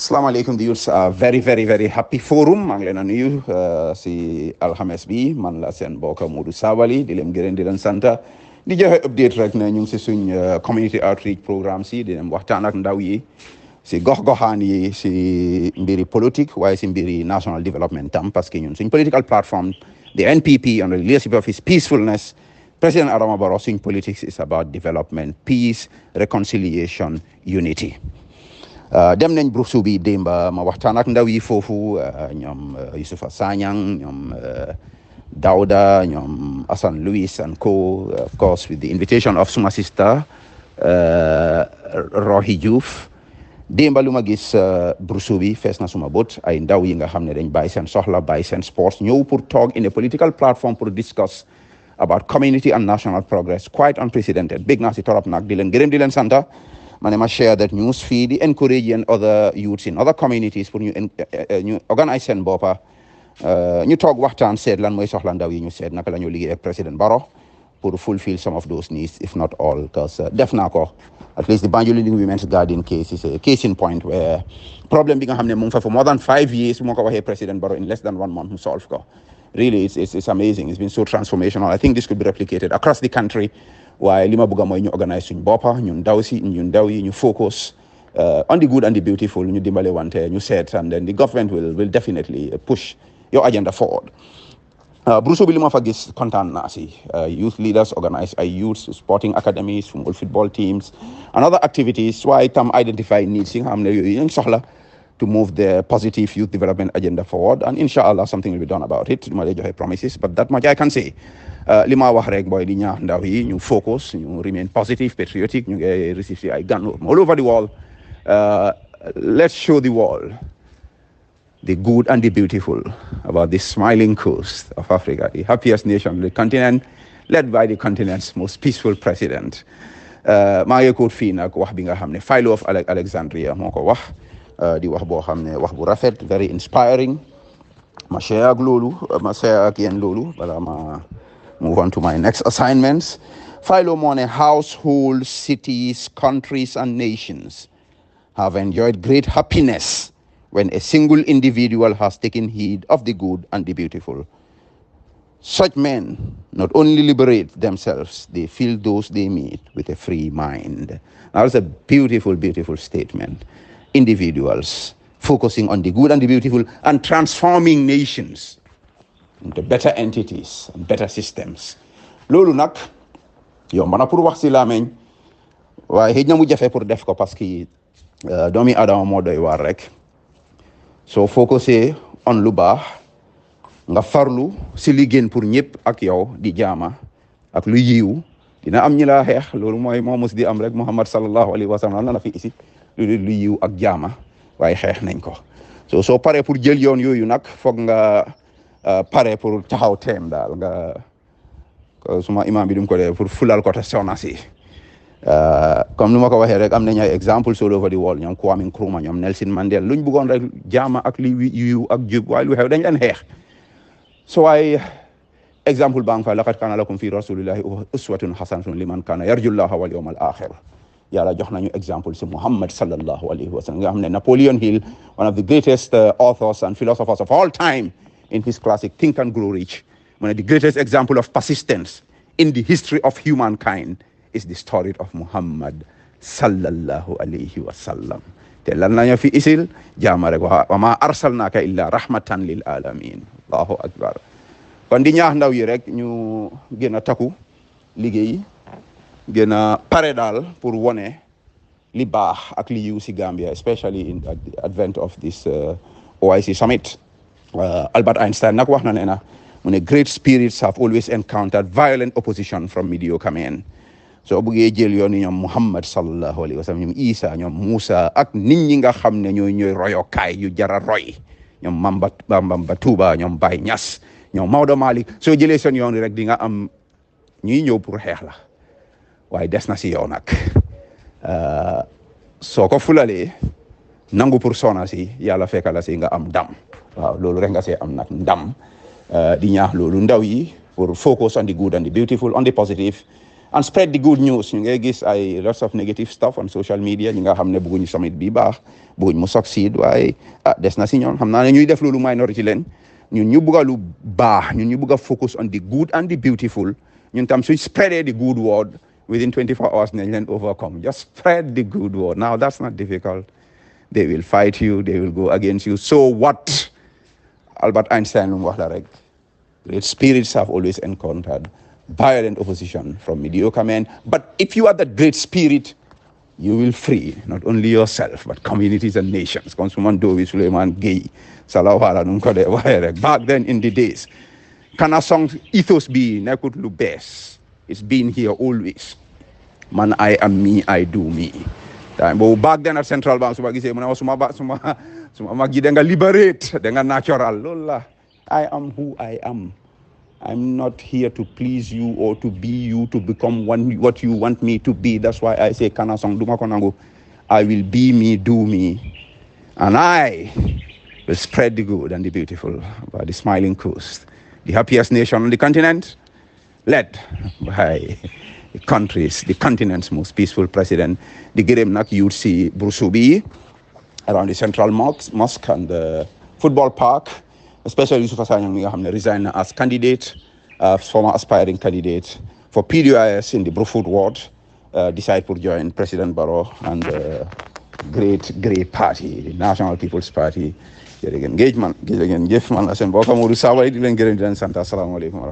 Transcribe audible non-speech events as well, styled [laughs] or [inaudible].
salaamaaleykum di yours a very very very happy forum maa ngi leen a nuyu uh, si alxames bi man la seen mbokk Modou Sabally di leen gërëm di leen sant di joxe update rek ne ñu ngi si suñ uh, community outreach programme si di leen waxtaan ak ndaw yi si gox-goxaan yi si mbiri politique waaye si mbiri national development tam parce que ñun suñ political platform the NPP under the leadership of his peacefulness President Adama Barrow suñ politics is about development peace reconciliation unity. Euh, dem nañ Bruxelles bi démba ma waxtaan ak ndaw yi foofu euh, ñoom euh, Youssoufa Sanyang ñoom Dawda ñoom Assane Louis and co of course with the invitation of suma sister Rohi Diouf démba lu ma gis Bruxelles bi fees na suma bët ay ndaw yi nga xam ne dañ bàyyi seen soxla bàyyi seen sports ñëw pour toog in a political platform pour discuss about community and national progress quite unprecedented big naa si torop nag di leen gërëm di leen santa name, I share that news feed, encouraging other youths in other communities for new ñu uh, uh, organise seen boppa uh, ñu toog said, seet lan mooy you ndaw yi ñu président Barrow for fulfill some of those needs if not all because def at least the Banjul Women's Garden case is a case in point where problem began nga xam for more than five years moo ko président Barrow in less than one month mu solve ko really it's, it's, it's amazing it's been so transformational I think this could be replicated across the country waaye li ma bëgg mooy ñu organise suñ boppa ñun ndaw si ñun ndaw yi ñu focus uh, on the good and the beautiful ñu dimbale wante ñu seet and then the government will will definitely push your agenda forward uh, Bruce bi li ma fa gis naa si uh, youth leaders organise ay youth sporting academies football teams and other activities waaye tam identify needs yi nga xam ne yooyu ñu soxla to move the positive youth development agenda forward and inshallah something will be done about it ma lay promises but that much I can say uh, Lima ma wax rek boy di ñaax ndaw focus ñu remain positive patriotic ñu receive i gan all over the world uh, let's show the world the good and the beautiful about the smiling coast of Africa, the happiest nation on the continent, led by the continent's most peaceful president. maa ngi ko fii hamne wax Philo of Alexandria moo uh, di wax boo xam ne wax bu rafet very inspiring ma share ak loolu uh, ma share ak yéen loolu balaa ma move on to my next assignments Philo moo households cities countries and nations have enjoyed great happiness when a single individual has taken heed of the good and the beautiful such men not only liberate themselves, they fill those they meet with a free mind. that's a beautiful, beautiful statement. individuals, focusing on the good and the beautiful, and transforming nations into better entities and better systems. loolu nag yomb na pour wax si làmmiñ waaye xëj na mu jafe pour def ko paski que euh, doomi Adama moo doy waar rek soo focusé on lu baax nga farlu si li gën pour ñëpp ak yow di jaama ak lu yiw dina am ñi laa xeex loolu mooy moo mus di am rek Muhammad sallallahu alaihi wasallam, sallam la fi isi lu dul lu yiw ak jaama waaye xeex nañ ko so soo paree pour jël yoon yooyu nag foog nga euh, pare pour taxaw teem daal nga euh, suma imam bi dum ko dee pour fulal ko te sonas yi euh, comme nu ma ko waxee rek am nañ ay exemple solo over the world ñoom Kwame Nkrumah ñoom Nelson Mandela luñ bëggoon rek jaama ak li yiw ak jub waaye lu xew dañ leen xeex so waaye exemple baa nga fa laqad kaana lakum fi rasulillahi uswatun hasanatun liman kaana yarjullaha wal yawmal axir yàlla jox nañu examples. si Muhammad sallallahu alayhi wa sallam nga Napoleon Hill one of the greatest uh, authors and philosophers of all time in his classic Think and Grow Rich One of the greatest example of persistence in the history of humankind is the story of Muhammad sallallahu alayhi wa sallam te lan lañu fi isil jaama rek wa ma arsalnaka illa rahmatan lil alamin allahu akbar kon di ñaax ndaw yi rek ñu liggéey gën a pare daal pour wane li baax ak li Gambia especially in at the advent of this uh, OIC summit uh, Albert Einstein nag wax na great spirits have always encountered violent opposition from mediocre men So bëggee jël yoon Muhammad sallallahu alaihi wasallam, sallam Isa Musa ak nit ñi nga xam yu jara roy Maodo yoon rek di nga am ñuy ñëw pour la waaye des na si yow nag euh, soo ko fulalee nangu pour soona si yàlla fekka la si nga am ndam waaw loolu rek nga see am nag ndam euh, di ñaax loolu ndaw yi pour focus on the good and the beautiful on the positive and spread the good news ñu ngay gis ay lots of negative stuff on social media ñi nga xam ne bëgguñu summit bi baax bëgguñ mu succeed waaye ah des na si ñoom xam naa ne ñuy def loolu minority leen ñun ñu bëgg lu baax ñun ñu bëgg a focus on the good and the beautiful ñun tam suñ spreadee the good word within 24 hours, Nigerians overcome. Just spread the good word. Now, that's not difficult. They will fight you, they will go against you. So what? Albert Einstein and like, great spirits have always encountered violent opposition from mediocre men. But if you are that great spirit, you will free not only yourself, but communities and nations. Consuman Dovi Suleiman Gay, Back then in the days, can a song ethos be Nekut Lubes? It's been here always. Man, I am me, I do me. Time. But back then at Central Bank, so say, man, I was suma suma [laughs] magi denga liberate, denga natural. Lola, I am who I am. I'm not here to please you or to be you to become one what you want me to be. That's why I say kana song dumakonango, I will be me, do me, and I will spread the good and the beautiful by the smiling coast, the happiest nation on the continent led by the [laughs] countries, the continent's most peaceful president, the Giremnak you'd Brusubi around the central mosque, and the football park, especially Yusuf Hassan Young resigned as candidate, uh, former aspiring candidate for PDIS in the Bruford ward, uh, decided to join President Barrow and the great grey party, the National People's Party. jërë engagement, géej man gis ngeen jëf man